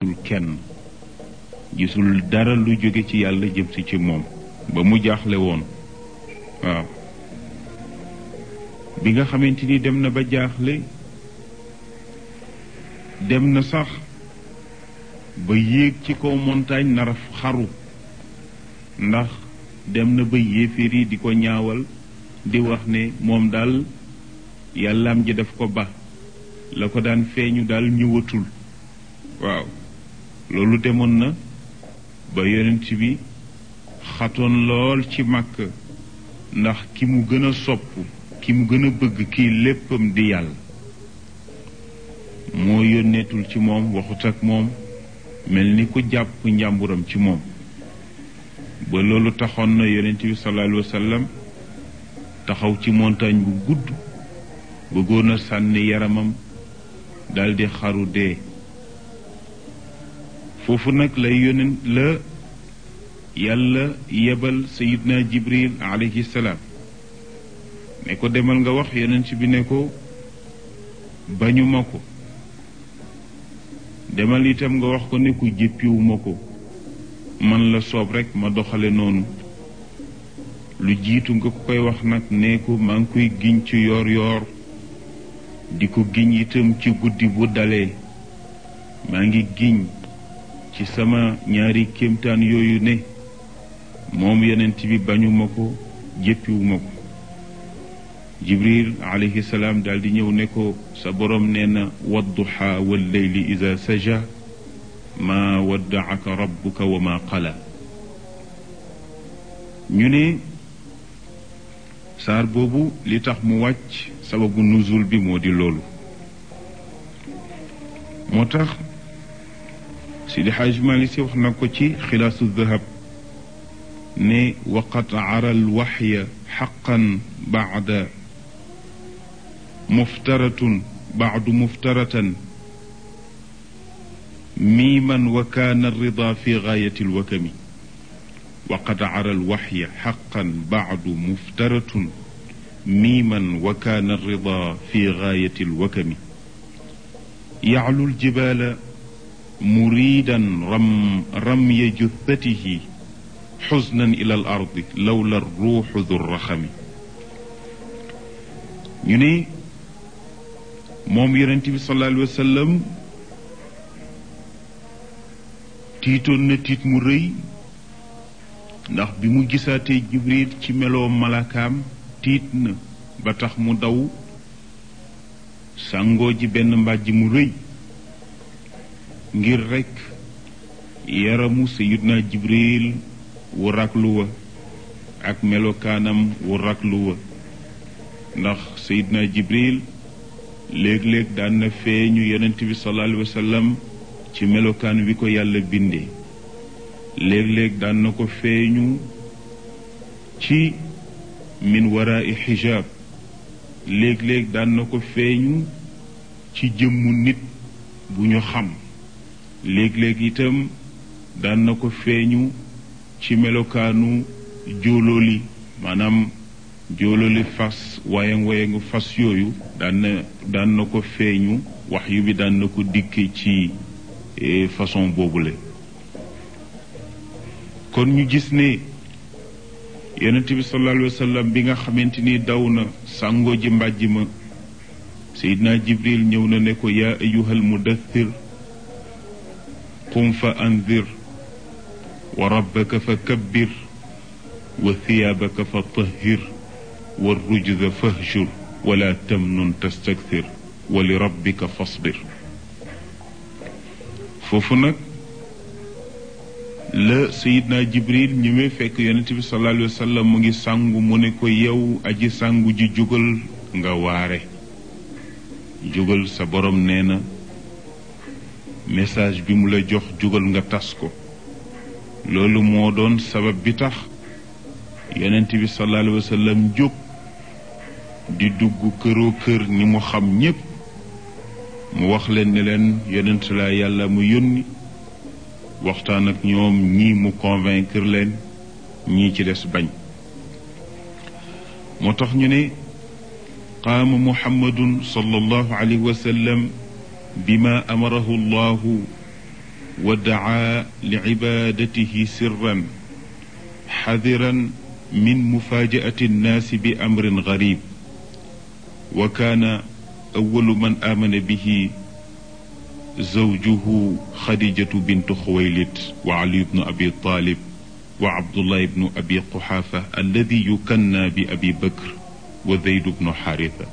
gisul kenn gisul dara lu jóge ci yàlla jëm si ci moom ba mu jaaxle woon waaw bi nga xamante ni dem na ba jaaxle dem na sax ba yéeg ci ko montagne nar xaru ndax dem na ba yéeféer yi di ko ñaawal di wax ne moom daal yàllaam ji def ko ba la ko daan feeñu daal ñëwatul waaw loolu demoon na ba yonent bi xatoon lool ci màkk ndax ki mu gën a sopp ki mu gën a bëgg kii léppam di yàlla moo yónneetul ci moom waxut ak moom mel ni ku jàpp njàmburam ci moom ba loolu taxoon na yonent bi sallallahu alayhi taxaw ci montagne bu gudd bëggoon a sànni yaramam daldi xaru dee foofu nag lay yónent la yàlla yebal sayidna jibril alayhi salaam ne ko demal nga wax yonent bi ne ko bañuma ko demal itam nga wax ko ne ko jëppiwuma ko man la soob rekk ma doxale noonu lu jiitu nga ko koy wax nag ne ko maa ngi koy giñ ci yoor yoor di ko giñ itam ci guddi bu dalee maa ngi giñ ci sama ñaari kéemtaan yooyu ne moom yeneen bi bañuma ko jéppiwuma ko jibril alayhi salaam daal di ñëw ne ko sa boroom nee na wadduha walleyli ida saja maa waddaaka rabbuka wa ma qala ñu ne saar boobu li tax mu wàcc sababu nuzul bi moo di loolu moo tax Sidi Xaaj Maalik Si wax na ko ci xilaasu dahab ne waqat aral waxya xaqan baada muftaratun baadu muftaratan miiman wa kaana arrida fi gaayati alwakami waqat aral waxya xaqan baadu muftaratun miiman wa kaana arrida fi gaayati alwakami yaclu aljibaala muridan ram ramya yi xusnan ila al ardi lawla ruuxu du raxami ñu ni moom yonent bi sallallahu alayhi wa tiitoon na tiit mu rëy ndax bi mu gisaatee jibril ci meloo malakaam tiit na ba tax mu daw sàngoo ji benn mbàjj mu rëy ngir rekk yaramu sayidna jibril wu raglu ak melokaanam wu raglu wa ndax sayidna jibril léeg-léeg daan na feeñu yonent bi sallallahu alayhi wa ci melokaan wi ko yàlla bindee léeg-léeg daan na ko feeñu ci min waraay xijaab léeg-léeg daan na ko feeñu ci jëmmu nit bu ñu xam léeg-léeg itam daan na ko feeñu ci melokaanu jóolóoli maanaam jóolóoli fas wayang wayangu fas yooyu daan na ko feeñu wax yu bi daan na ko dikk ci e, façon boobule kon ñu gis ne yonent bi sallallahu bi nga xamante ni daw na sàngoo ji mbàjj ma seydina jibril ñëw na ne ko yaa ayyuhal mudaththir qum fa andir wa rabbaka fa kabbir wa thiyaabaka fa tahhir wa rujza fahjur wala tamnun tastakthir wa li rabbika fasbir foofu nag la na jibril ñëwee fekk yonent bi sallallahu alayhi wa mu ngi sàngu mu ne ko yow aji sàngu ji jógal nga waare jógal sa borom nee na message bi mu la jox jógal nga tas ko loolu moo doon sabab bi tax yonent bi sallallahu alayhi wa sallam jóg di dugg këroo kër ni mu xam ñépp mu wax leen ne leen yonent laa yàlla mu yónni waxtaan ak ñoom ñii mu convaincre leen ñii ci des bañ moo tax ñu ne qaama muhammadun sallallahu alayhi bima amarahu llahu wa daa licibaadatihi sirran xadiran min mufaajaati annaasi bi amrin garib wa kaana awalu man aamana bihi zawjuhu xadijatu bintu xuwaylid wa ali bnu abi taalib wa abdullah bnu abi quxaafa alladi yukanna bi abi bakr wa zeyd bnu xaarisa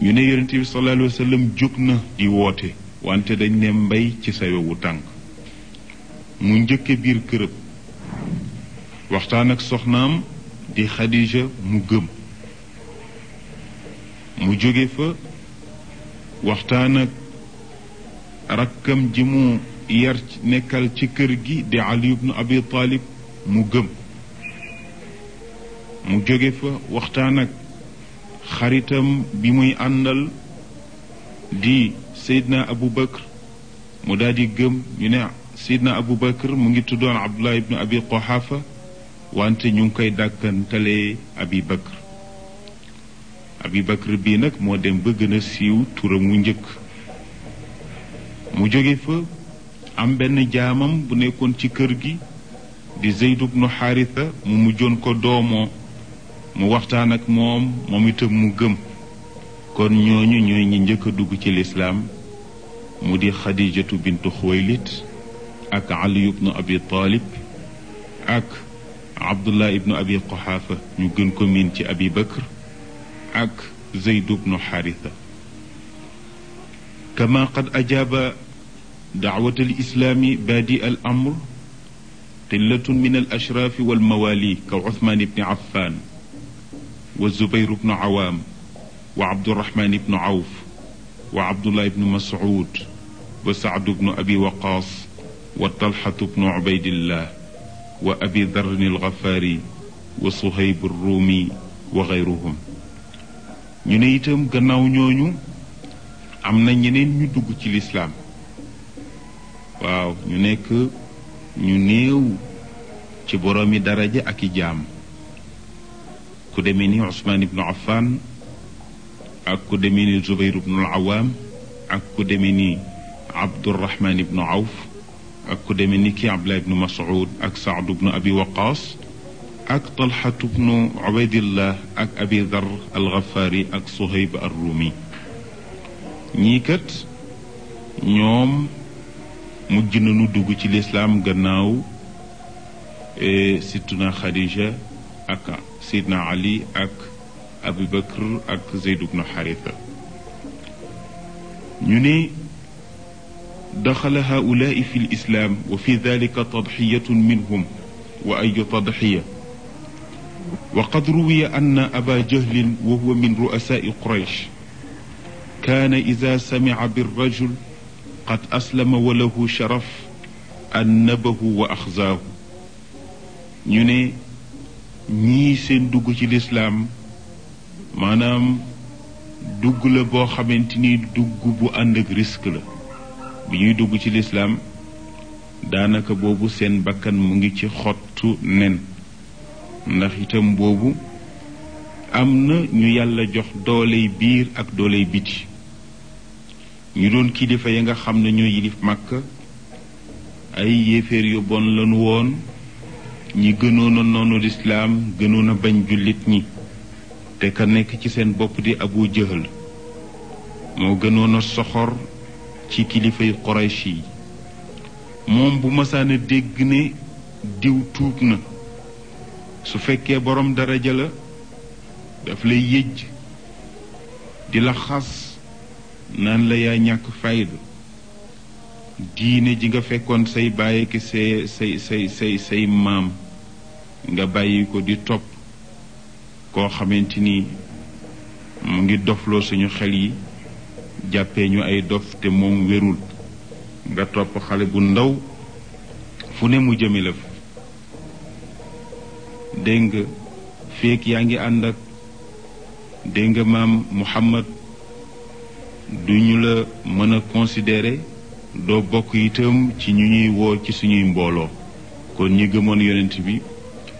ñu ne yonent bi sallallahu jóg na di woote wante dañ ne mbay ci sa yowu tànk mu njëkke biir kërëb waxtaan ak soxnaam di xadija mu gëm mu jóge fa waxtaan ak rakkam ji mu yar nekkal ci kër gi di ali ibnu mu gëm mu jóge fa waxtaan ak xaritam bi muy àndal di Seydina Abu Bakr mu daal di gëm ñu ne na Abu Bakr mu ngi tuddoon Abdullah ibnu Abi Quhafa wante ñu ngi koy dàkkantalee Abi Bakr Abi Bakr bii nag moo dem ba gën siiw turam wu njëkk mu jóge fa am benn jaamam bu nekkoon ci kër gi di Zeyd nu Xaarisa mu mujjoon ko doomoo mu waxtaan ak moom moom itam mu gëm kon ñooñu ñooy ñi njëkk a dugg ci lislaam mu di xadijatu bintu xuwaylit ak ali ibnu abi taalib ak abdullah ibnu abi quxaafa ñu gën ko miin ci abi bakr ak zeyd ibnu xaarisa kama qad ajaaba daawat al islaami baadi al amr qillatun min al ashraafi wal mawaali ka usmaan ibni affaan wa zubayr bnu awaam wa abdurahmaan ibnu awf wa abdullah ibnu mas'ud wa saadu bnu abi waqaas wa talxatu bnu ubaydillah wa abi darrin alxafaari wa suhayb ruumi wa gayruhum ñu ne itam gannaaw ñooñu am na ñeneen ñu dugg ci lislaam waaw ñu nekk ñu néew ci boroomi daraja ak i jaam ku demee ni Ousmane ibnu Affan ak ku demee ni Zubayr ibnu Awaam ak ku demee ni Abdurahman ibnu Awf ak ku demee ni kii Abdullah ibnu Mas'ud ak Saad ibnu Abi Waqaas ak Talxatu ibnu Ubaydillah ak Abi Dar al-Ghafaari ak Suhayb ar-Rumi ñii kat ñoom mujj nañu dugg ci lislaam gannaaw eh, situna Xadija ak sidna ali ak abu bakr ak zeyd ibnu xaritha ñu ne daxala haulaai fi lislaam wa fi dalika tadxiyatun minhum wa ayu tadxiya وقد روي أن أبا جهل وهو من رؤساء قريش كان إذا سمع بالرجل قد أسلم وله شرف أنبه وأخزاه ñu ne ñii seen dugg ci lislaam maanaam dugg la boo xamante ni dugg bu ànd ak risque la bi ñuy dugg ci lislaam daanaka boobu seen bakkan mu ngi ci xottu nen ndax itam boobu am na ñu yàlla jox dooley biir ak dooley biti ñu doon kilifa ya nga xam ne ñoo yilif màkk ay yéeféer yu bon lañu woon ñi gënoon noonu lislaam gënoon a bañ jullit ñi te ka nekk ci seen bopp di abu jëhal moo gënoona soxor ci kilifay Quraysh yi moom bu masaana dégg ne diw tuub na su fekkee boroom daraja la daf lay yëj di la xas naan la yaa ñàkk fayda diine ji nga fekkoon say bàyyi ki say say say say maam nga bàyyi ko di topp koo xamante ni mu ngi dofloo suñu xel yi jàppee ñu ay dof te moom wérul nga topp xale bu ndaw fu ne mu jëme la fa dégg feek yaa ngi ànd ak dégg nga maam Muhammad du ñu la mën a considérer doo bokk yitam ci ñu ñuy woo ci suñuy mbooloo kon ñi gëmoon yonent bi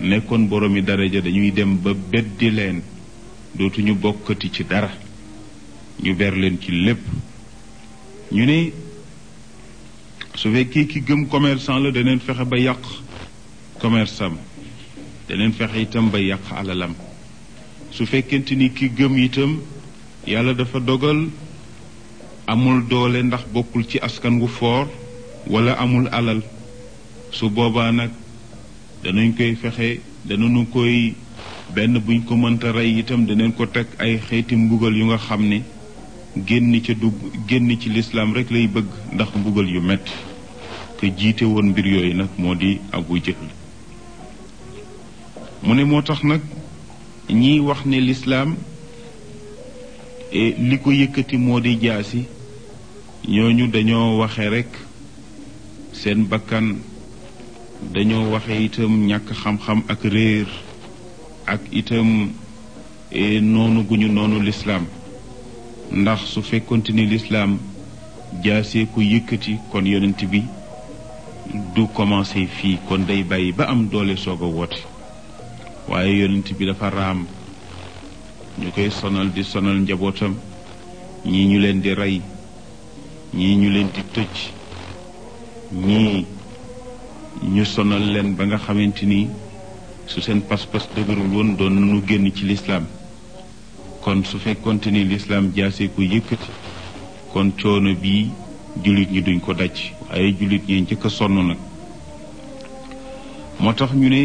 nekkoon boroomi daraja dañuy dem ba beddi leen dootuñu bokkati ci dara ñu ber leen ci lépp ñu ni su fekkee ki gëm commerçant la daneen fexe ba yàq commerce am daneen fexe itam ba yàq alalam su fekkente ni ki gëm itam yàlla dafa dogal amul doole ndax bokkul ci askan wu foor wala amul alal su boobaa nag danañ koy fexe danañu koy benn buñ ko mënta rey itam danañ ko teg ay xeeti mbugal yu nga xam ne génn ca dugg génn ci lislaam rek lay bëgg ndax mbugal yu metti te jiite woon mbir yooyu nag moo di Abu Jahl mu ne moo tax nag ñiy wax ne lislaam eh, li ko yëkkati moo di jaasi ñooñu dañoo waxe rekk seen bakkan dañoo waxe itam ñàkk xam-xam ak réer ak itam e, noonu gu ñu noonu lislaam ndax su fekkoonte ni lislaam jaasee ko yëkkati kon yonent bi du commencé fii kon day bàyyi ba am doole soog a woote waaye yonent bi dafa raam ñu koy sonal di sonal njabootam ñi ñu leen di rey ñii ñu leen di tëj ñii ñu sonal leen ba nga xamante ni su seen pas-pas dëgërul woon doon nañu génn ci lislaam kon su fekkoonte ni lislaam jaasee ko yëkkati kon coono bii jullit ñi duñ ko daj waaye jullit ñee njëkk a sonn nag moo tax ñu ne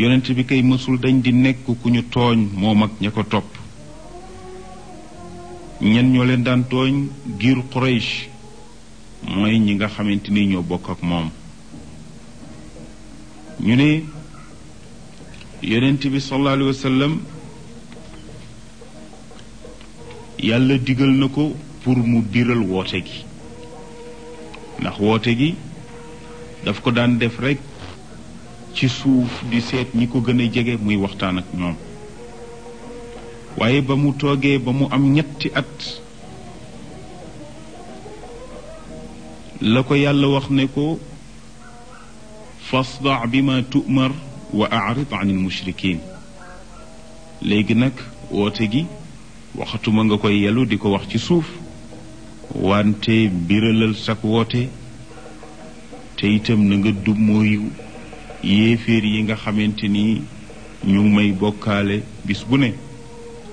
yonent bi kay mësul dañ di nekk ku ñu tooñ moom ak ña ko topp ñen ñoo leen daan tooñ giir Quraysh mooy ñi nga xamante ni ñoo bokk ak moom ñu ne yonent bi sallallahu alayhi yàlla digal na ko pour mu biral woote gi ndax woote gi daf ko daan def rekk ci suuf di seet ñi ko gën a jege muy waxtaan ak ñoom waaye ba mu toogee ba mu am ñetti at la ko yàlla wax ne ko fasda bi ma tumar wa arid an il léegi nag woote gi waxatuma nga koy yelu di ko wax ci suuf wante biralal sak woote te itam na nga dub yéeféer yi nga xamante ni ñu ngi may bokkaale bis bu ne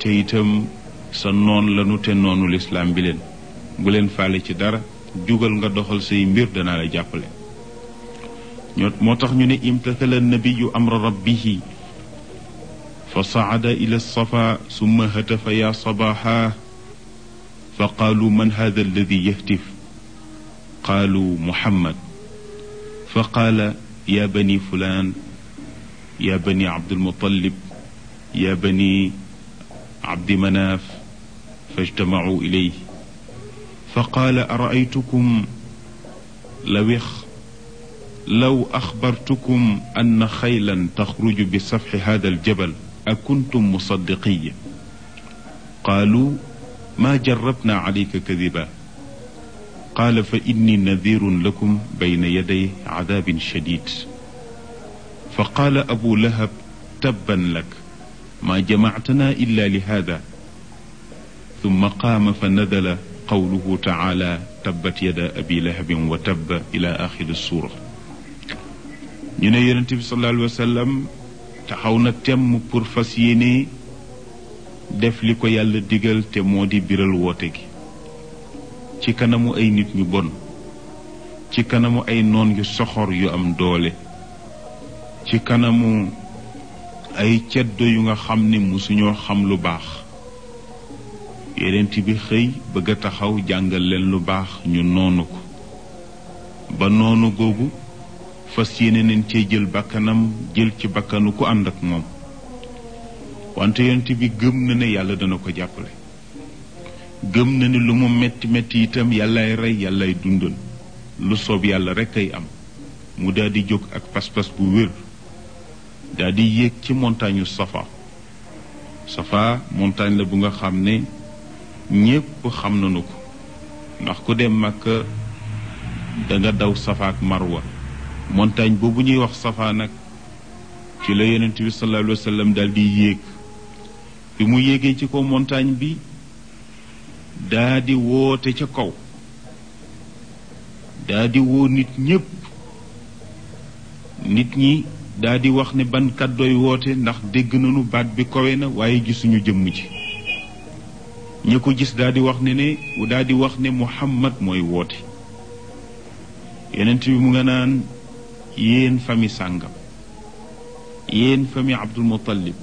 te itam sa noon lanu te noonu lislaam bi bu leen faale ci dara jugal nga doxal say mbir danaa jàppale ñoo moo tax ñu ne imtathala nabiyu amra rabbihi fa saada ila safa summa hatafa ya sabaha fa qaalu man hada alladi yahtif qaalu muhammad fa qaala ya bani fulaan ya bani abdulmutalib ya bani abdi manaaf fajtamacuu ilayh fa qaala araaytukum lawix law axbartukum anna xaylan taxruju bi safxi hada aljabal akuntum musaddiqiya qaalu maa jarabna calayka kadiba qaala fa inni nadirun lakum bayna yaday cadaabin shadid fa qaala abu lahab tabban lak maa jamactanaa illa li haada summa qaama fa nadala qawluhu taala tabbat yada abi lahabin wa tabba ila axiri suura ñu ne yonent bi sallallahu alayhi wa sallam taxaw na temm pour fas yéene def li ko yàlla digal te moo di biral woote gi ci kanamu ay nit ñu bon ci kanamu ay noon yu soxor yu am doole ci kanamu ay ceddo yu nga xam ni musuñoo xam lu baax yeneent bi xëy bëgg a taxaw jàngal leen lu baax ñu noonu ko ba noonu googu fas yéene nañ cee jël bakkanam jël ci bàkkanu ku ànd ak moom wante yonent bi gëm na ne yàlla dana ko jàppale gëm na ne lu mu metti metti itam yàllaay rey yàllaay dundal lu soob yàlla rekk ay am mu daldi jóg ak pas-pas bu wér daldi yéeg ci montagne yu Safa Safa montagne la bu nga xam ne ñépp xam nañu ko ndax ku dem Makka da daw Safa ak Marwa montagne boobu ñuy wax Safa nag ci la yonent bi sallallahu yéeg bi mu yéegee ci kaw montagne bi daa woote ca kaw daldi woo nit ñépp nit ñi daa di wax ne ban kàddooy woote ndax dégg nañu baat bi kowe na waaye gisuñu jëmm ji ñu ko gis daa di wax ne ne daa di wax ne Muhammad mooy woote yonent bi mu nga naan yéen fami sàngam yéen fami Abdul Muttalib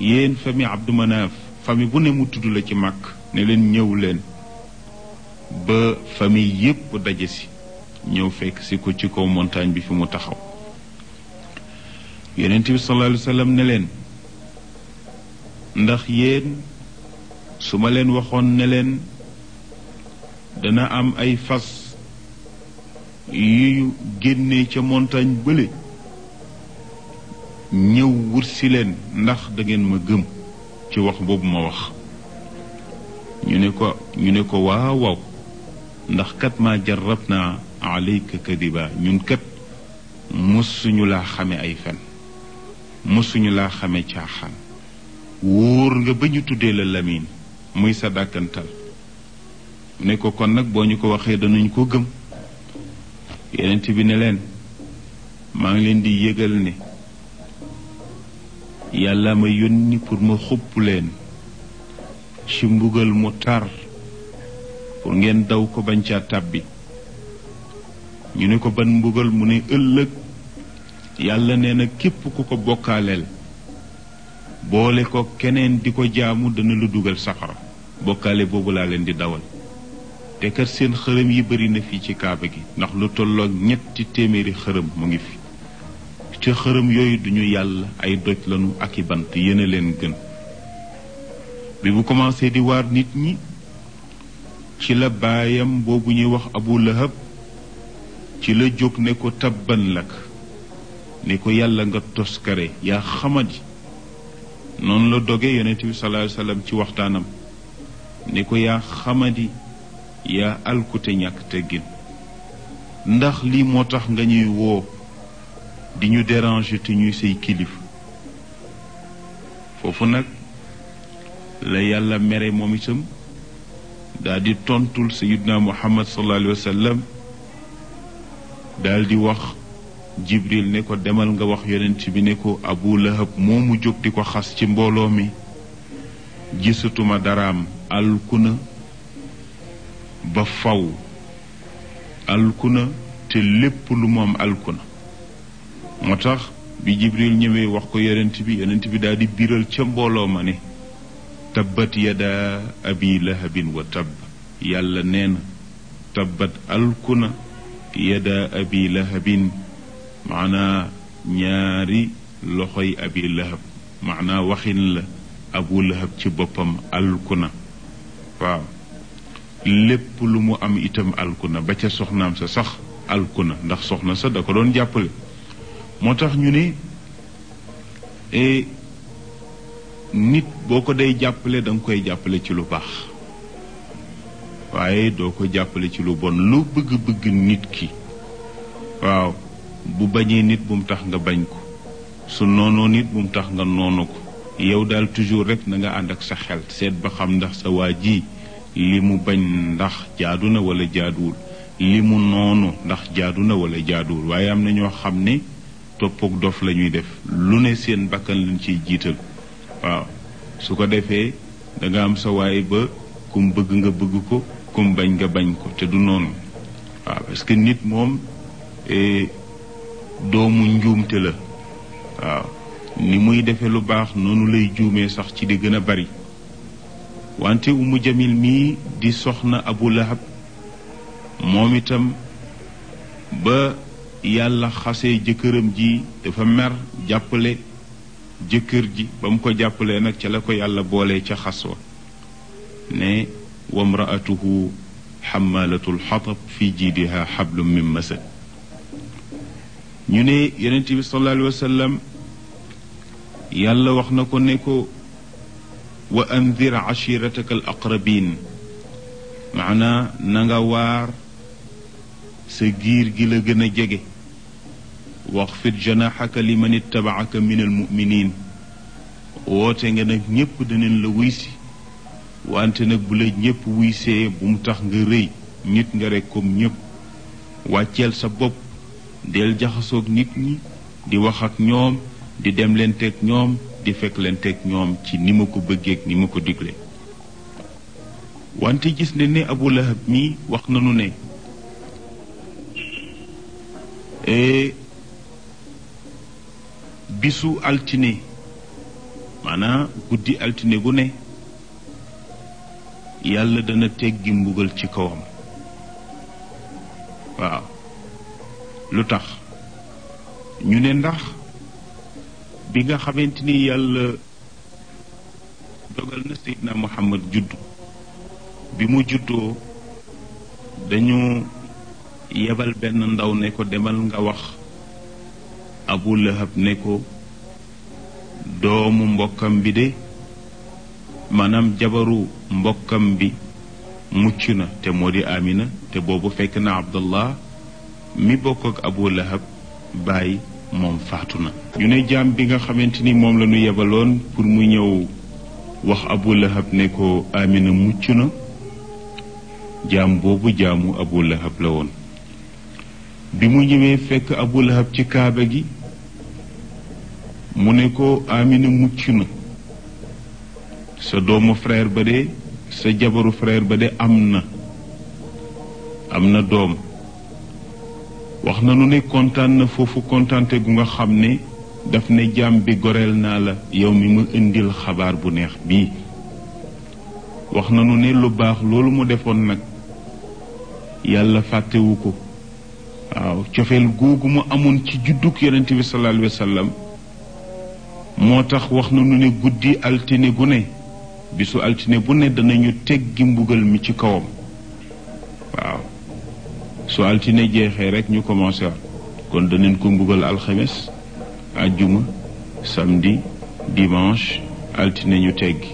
yéen fami Abdu Manaaf fami bu ne mu tudd la ci màkk ne leen ñëw leen ba famille yépp daje si ñëw fekk si ko ci kaw montagne bi fi mu taxaw yonent bi sallallahu alayhi ne leen ndax yéen su ma leen waxoon ne leen dana am ay fas yuy génnee ca montagne bële ñëw wut si leen ndax dangeen ngeen ma gëm ci wax boobu ma wax ñu ne ko ñu ne ko waaw waaw ndax kat ma jarab naa alayka kadiba ñun kat mos suñu laa xame ay fen mësuñu laa xamee caaxaan wóor nga ba ñu tuddee la Lamine muy sa dàkkantal ne ko kon nag boo ñu ko waxee danañ ko gëm yeneent bi ne leen maa ngi leen di yëgal ne yàlla ma yónni pour ma xupp leen ci mbugal mu tar pour ngeen daw ko bañ caa tàbbi ñu ne ko ban mbugal mu ne ëllëg yàlla nee na képp ku ko bokkaaleel boole ko keneen di ko jaamu dana lu dugal safara bokkaale boobu laa leen di dawal te kat seen xërëm yi bari na fii ci kaaba gi ndax lu tolloog ñetti téeméeri xërëm mu ngi fi ci xërëm yooyu duñu yàlla ay doj lañu ak i bant yéen leen gën bi mu commencé di waar nit ñi ci la baayam boobu ñuy wax abu lahab ci la jóg ne ko tabban lak ne ko yàlla nga toskare yaa xamadi noonu la doge yonent bi sallallahu ci waxtaanam ne ko yaa xamadi yaa alkute ñàkk teggin ndax lii moo tax nga ñuy woo di ñu déranger te ñuy say kilif foofu nag la yàlla mere moom itam daal di tontul sayidna muhammad sallallahu alayhi wasallam daal di wax jibril ne ko demal nga wax yonent bi ne ko abu lahab moo mu jóg di ko xas ci mbooloo mi gisatuma daraam alkuna ba faw alkuna te lépp lu moom alkuna moo tax bi jibril ñëwee wax ko yonent bi yonent bi daal di biral ca mbooloo ma ne tabbat yada abi lahabin wa tabb yàlla nee na tabbat alkuna yada abi lahabin maanaa ñaari yi abi lahab maanaa waxin la abu lahab ci boppam alkuna waaw lépp lu mu am itam alkuna ba ca soxnaam sa sax alkuna ndax soxna sa da ko doon jàppale moo tax ñu ne e, nit boo ko day jàppale danga koy jàppale ci lu baax waaye doo ko jàppale ci lu bon lu bëgg-bëgg nit ki waaw bu bañee nit bu mu tax nga bañ ko su noonoo nit bu mu tax nga noonu ko yow daal toujours rek na nga ànd ak sa xel seet ba xam ndax sa waa ji li mu bañ ndax jaadu na wala jaaduwul li mu noonu ndax jaadu na wala jaaduwul waaye am na ñoo xam ne toppook dof la ñuy def lu ne seen bakkan lañ ciy jiital waaw su ko defee danga am sa waay ba kum bëgg nga bëgg ko kum bañ nga bañ ko te du noonu waaw parce que nit moom eh, doomu njuumte la waaw ni muy defe lu baax noonu lay juumee sax ci di gën a bari wante umu jamil mii di soxna abu lahab moom itam ba yàlla xasee jëkkëram ji dafa mer jàppale jëkkër ji ba mu ko jàppale nag ca la ko yàlla boole ca xas wa ne wamraatuhu xamalatul xatab fi jiidiha xablum min masad ñu ne yonent bi sallallahu yàlla wax na ko ne ko wa andir achirataka al aqrabin maanaa na nga waar sa giir gi la gën a jege waxfid janaxaka li man ittabaaka min al muminin woote nga nag ñépp danañ la wuy si wante nag bu ñépp wuysee bu mu tax nga rëy nit nga rek comme ñépp wàcceel sa bopp del jaxasoog nit ñi di wax ak ñoom di dem leen ñoom di fekk ñoom ci ni ma ko bëggeek ni ma ko digle wante gis ne ni Abu Lahab mi wax nanu ne e, bisu altine maanaam guddi altine gu ne yàlla dana teggi mbugal ci kawam waaw lu tax ñu ne ndax bi nga xamante ni yàlla dogal na Seydina Muhammad juddu bi mu juddoo dañu yebal benn ndaw ne ko demal nga wax Abu Lahab ne ko doomu mbokkam bi de maanaam jabaru mbokkam bi mucc na te moo di Amina te boobu fekk na Abdallah mi bokk ak abu lahab baay moom faatu na ñu ne jaam bi nga xamante ni moom la ñu yebaloon pour mu ñëw wax abu lahab ne ko amina mucc na jaam boobu jaamu abu lahab la woon bi mu ñëwee fekk abu lahab ci kaaba gi mu ne ko amina mucc na sa doomu frère ba de sa jabaru frère ba de am na am na doom wax nañu ne kontaan na foofu kontaante gu nga xam ne daf ne jaam bi goreel naa la yow mi ma indil xabaar bu neex bii wax nañu ne lu baax loolu mu defoon nag yàlla fàttewu ko waaw cofeel googu mu amoon ci juddu yonent bi sallallahu alayhi wa moo tax wax nañu ne guddi altine gu ne bisu altine bu ne danañu teggi mbugal mi ci kawam waaw su altine jeexee rek ñu commencé kon danañ ko mbugal alxames ajjuma samdi dimanche altine ñu teggi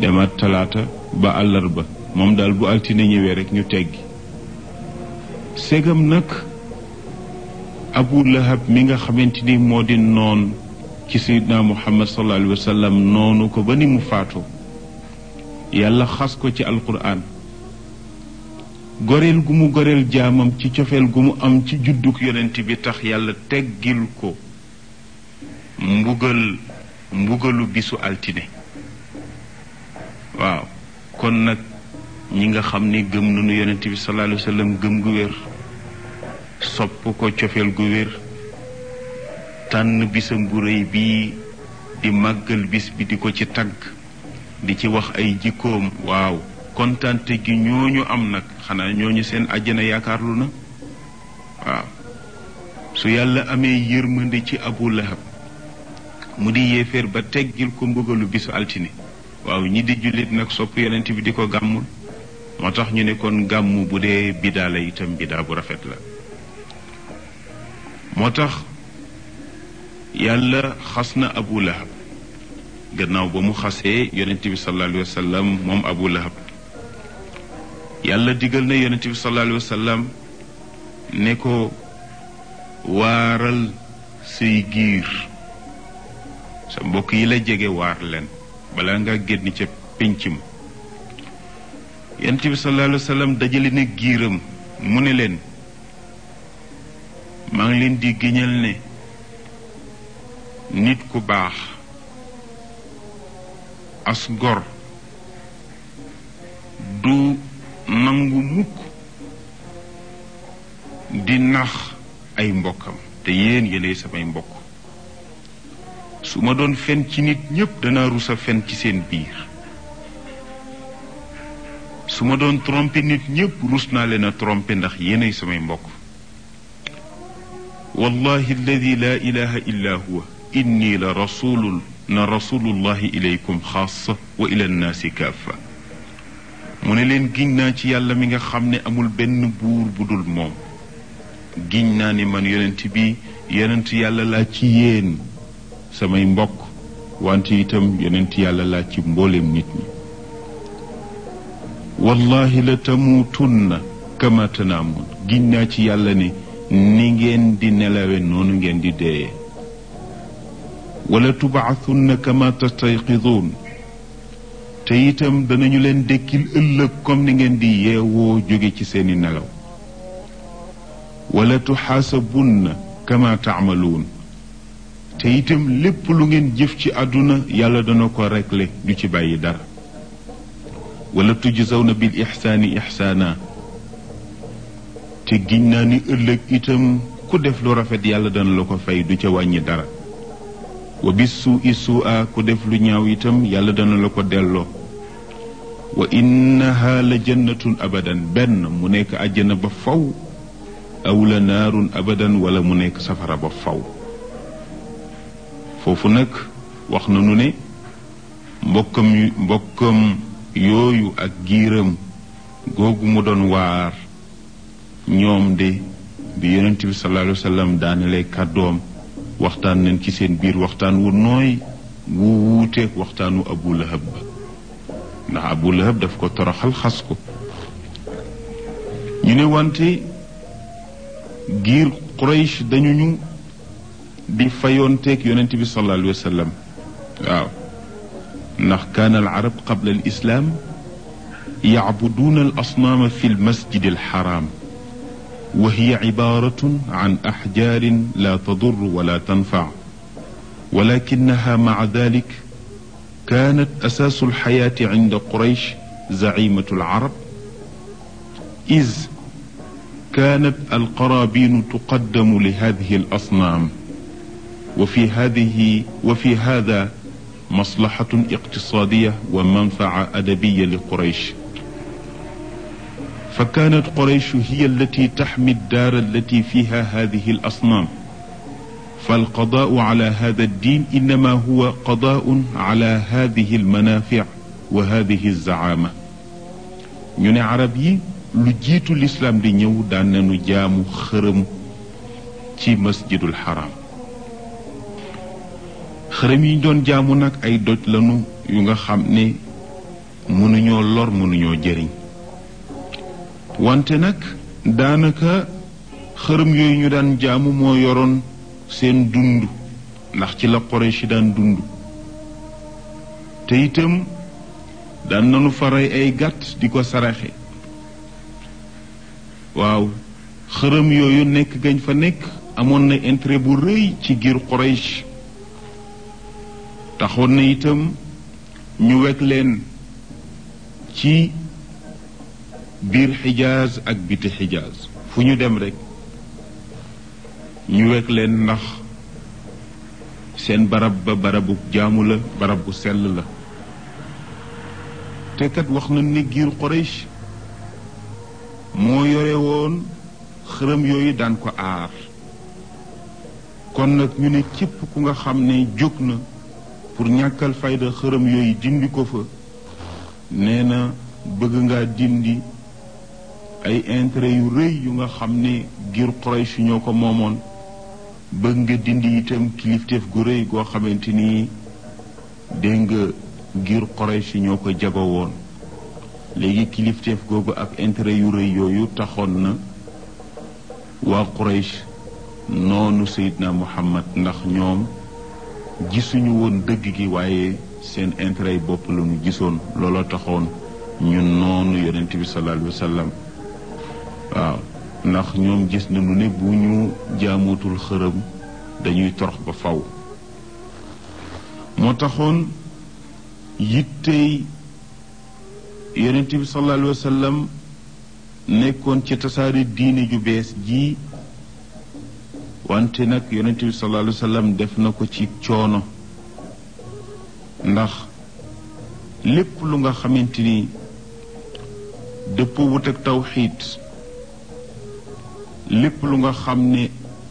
demaat talaata ba àllarba moom daal bu altine ñëwee rek ñu teggi segam nag abu lahab mi nga xamante ni moo di noon ci sayidna muhammad sallallahu alayhi wa sallam noonu ko ba ni mu faatoo yàlla xas ko ci alquran goreel gu mu goreel jaamam ci cofeel gu mu am ci judduk yonent bi tax yàlla teggil ko mbugal mbugalu bisu altine waaw kon nag ñi nga xam ni gëm nañu yonent bi sallallahu alayhi gëm gu wér sopp ko cofeel gu wér tànn bisam bu réy bii di màggal bis bi di ko ci tagg di ci wax ay jikkoom waaw kontante gi ñooñu am nag xanaa ñooñu seen àjjana yaakaarlu na waaw su yàlla amee yërmande ci abu lahab mu di yéeféer ba teggil ko mbugalu bisu altine waaw ñi di jullit nag sopp yonent bi di ko gàmmul moo tax ñu ne kon gàmm bu dee bidaa la itam bidaa bu rafet la moo tax yàlla xas na abu lahab gannaaw ba mu xasee yonent bi sallallahu alayhi wa moom abu lahab yàlla digal na yonent bi sallallahu alayhi wa sallam ne ko waaral say giir sa mbokk yi la jege waar leen bala nga génn ca pénc ma yonent bi dajale na giiram mu ne leen maa ngi leen di giñal ne nit ku baax as du nangu mukk di nax ay mbokkam te yéen yéenay samay mbokk su ma doon fen ci nit ñépp danaa rusa fen ci seen biir su ma doon tromper nit ñépp rus naa leen a tromper ndax yéenay samay mbokk wallahi alladi laa ilaha illa huwa inni la rasulun na rasulullahi ilaykum xaasa wa ila nnaasi kaafa mu ne leen giñ naa ci yàlla mi nga xam ne amul benn buur bu dul moom giñ naa ni man yonent bi yonent yàlla laa ci yéen samay mbokk wante itam yonent yàlla laa ci mbooleem nit ñi wallahi la tamuutunna kama tanaamun giñ naa ci yàlla ni ni ngeen di nelawe noonu ngeen di deeyee wala tubaathunna kama tastayqiduun te itam danañu leen dékkil ëllëg comme ni ngeen di yeewoo jóge ci seeni nelaw wala bun kama taamaluun te itam lépp lu ngeen jëf ci àdduna yàlla dana ko réglé du ci bàyyi dara wala tujzawna bil ixsaani ixsaana te giñ naa ni ëllëg itam ku def lu rafet yàlla dana la ko fay du ca wàññi dara wa bis suu i suu a ku def lu ñaaw itam yàlla dana la ko delloo wa innaha la jannatun abadan benn mu nekk àjjana ba faw aw la naarun abadan wala mu nekk safara ba faw foofu nag wax na nu ne mbokkam yooyu ak giiram googu mu doon waar ñoom de bi yonent bi sallallahu alayhi sallam daanale kàddoom waxtaan nañ ci seen biir waxtaan wu nooy wu wuuteeg waxtaanu abu lahab ndax abu lahab daf ko toroxal xas ko ñu ne wante giir quraysh dañu ñu di fayoonteeg yonent bi sallallahu alayhi wa sallam waaw ndax kaana al arab qabla al islaam yacbuduuna al asnaama fi l masjid al xaraam wa hiya cibaaratun can axjaarin laa tadur wala tanfac walakinaha maca dalik kaanat asaasu alxayaati inda quraysh zaimatu alarab is kaanat alqaraabinu tuqaddamu li hadihi alasnaam wa fi hadihi wa fi hada maslaxatun iqtisaadiya wa manfaa adabiya li quraysh fa kaanat qurayshu hiya allati taxmi addaara allati fiha hadihi alasnaam فالقضاء على هذا الدين إنما هو قضاء على هذه المنافع وهذه الزعامة ñu ne arab yi lu jiitu lislaam di ñëw daan nañu jaamu xërëm ci masjidul xaram xërëm yi ñu doon jaamu nag ay doj lañu yu nga xam ne mënuñoo lor mënuñoo jëriñ wante nag daanaka xërëm yooyu ñu daan jaamu moo yoroon seen dund ndax ci la Quraysh daan dund te itam daan nañu faray ay gàtt di ko saraxe waaw xërëm yooyu nekk gañ fa nekk amoon na intérêt bu rëy ci giir Quraysh taxoon na itam ñu wekk leen ci biir xijaaz ak biti xijaas fu ñu dem rekk ñu weg leen ndax seen barab ba barabu jaamu la barab bu sell la te kat wax na ni giir Quraysh moo yore woon xërëm yooyu daan ko aar kon nag ñu ne képp ku nga xam ne jóg na pour ñàkkal fayda xërëm yooyu dindi ko fa nee na bëgg nga dindi ay intérêt yu rëy yu nga xam ne giir Quraysh ñoo ko moomoon bëgg nga dindi itam kilifteef gu rëy goo xamante ni dégg nga ngir yi ñoo ko jago woon léegi kilifteef googu ak intérêt yu rëy yooyu taxoon na waa Quraysh noonu na Muhammad ndax ñoom gisuñu woon dëgg gi waaye seen intérêt yi bopp la ñu gisoon looloo taxoon ñun noonu yonent bi sallallahu alayhi waaw ndax ñoom gis nañu ni bu ñu jaamutul xërëm dañuy torox ba faw moo taxoon yittey yonent bi sallallahu alayhi nekkoon ci tasaari diine ju bees ji wante nag yonent bi sallallahu alayhi def na ko ci coono ndax lépp lu nga xamante ni dëppoo wut ak tawxiid lépp lu nga xam ni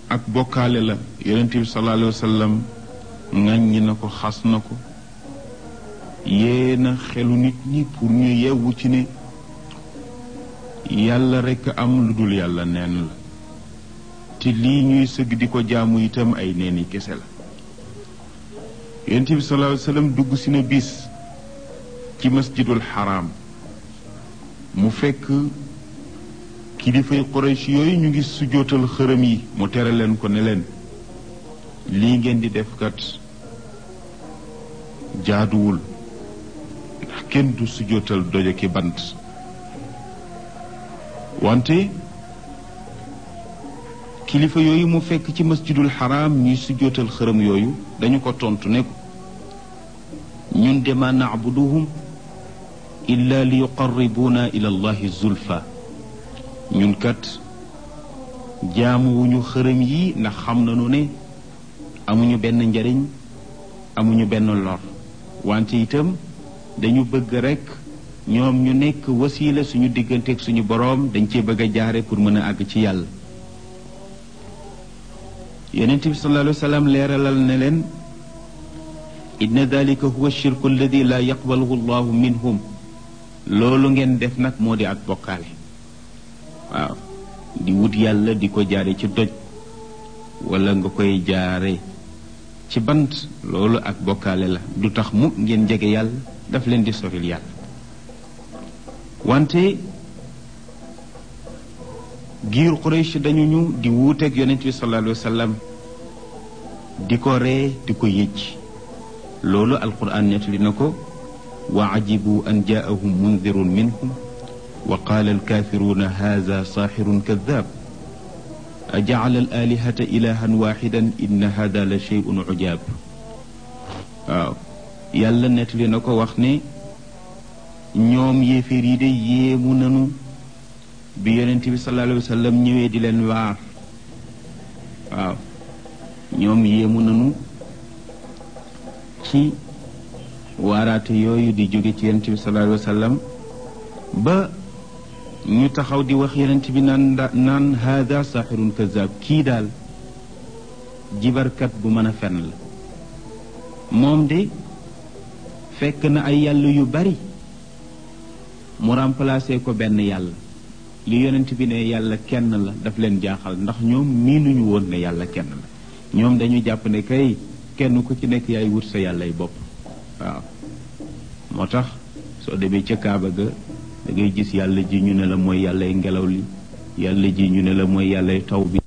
ak bokkale la yonent bi sallallahu alayhi wa sallam na ko xas na ko na xelu nit ñi pour ñu yewwu ci ne yàlla rekk am lu dul yàlla neen la te lii ñuy sëgg di ko jaamu itam ay neeni kese la yonent bi sallallahu alayhi dugg si na bis ci masjidul xaraam mu fekk kilifay Quraysh yooyu ñu ngi sujootal xërëm yi mu tere leen ko ne leen lii ngeen di defkat jaaduwul ndax kenn du sujootal dojo ki bant wante kilifa yooyu mu fekk ci masjidul xaraam ñuy sujootal xërëm yooyu dañu ko tontu ne ko ñun dema nacbuduhum illa li yuqarribuuna ila allahi zulfa ñun kat jaamuwuñu xërëm yi ndax xam na nañu ne amuñu benn njariñ amuñu benn lor wante itam dañu bëgg rekk ñoom ñu nekk wasiila suñu diggante ak suñu boroom dañ cee bëgg a jaare pour mën a àgg ci yàlla yonent bi sallallahu alayhi leeralal ne leen inna dalika huwa shirku alladi laa yaqbaluhu llahu minhum loolu ngeen def nag moo di ak bokkaale waaw di wut yàlla di ko jaare ci doj walla nga koy jaare ci bant loolu ak bokkaale la du tax mu ngeen jege yàlla daf leen di soril yàlla wante giir Quraysh dañu ñu di wuuteeg yonent bi sallallahu di ko ree di ko yëcc loolu alquran nettali na ko wa ajibu an jaahum mundirun minhum wa qaala alkaafiruuna haada saaxirun kadaab ajacala al aalihata ilaahan waaxidan inna haada la sheyun ujaab waaw yàlla nettali na ko wax ni ñoom yéeféer yi de yéemu nanu bi yonent bi sallallahu alayhi wa sallam ñëwee di leen waar waaw ñoom yéemu nanu ci waaraate yooyu di jóge ci yonent bi sallallahu alayhi wa ba ñu taxaw di wax yonent bi naan naan haada saaxirun kazaab kii daal jibarkat bu mën a fenn la moom de fekk na ay yàlla yu bari mu remplacé ko benn yàlla li yonent bi ne yàlla kenn la daf leen jaaxal ndax ñoom miinuñu woon ne yàlla kenn la ñoom dañu jàpp ne kay kenn ku ci nekk yaay wut sa yàllay bopp waaw moo tax soo demee ca Kaaba ga da ngay gis yàlla ji ñu ne la mooy yàllay ngelaw li yàlla ji ñu ne la mooy yàllay taw bi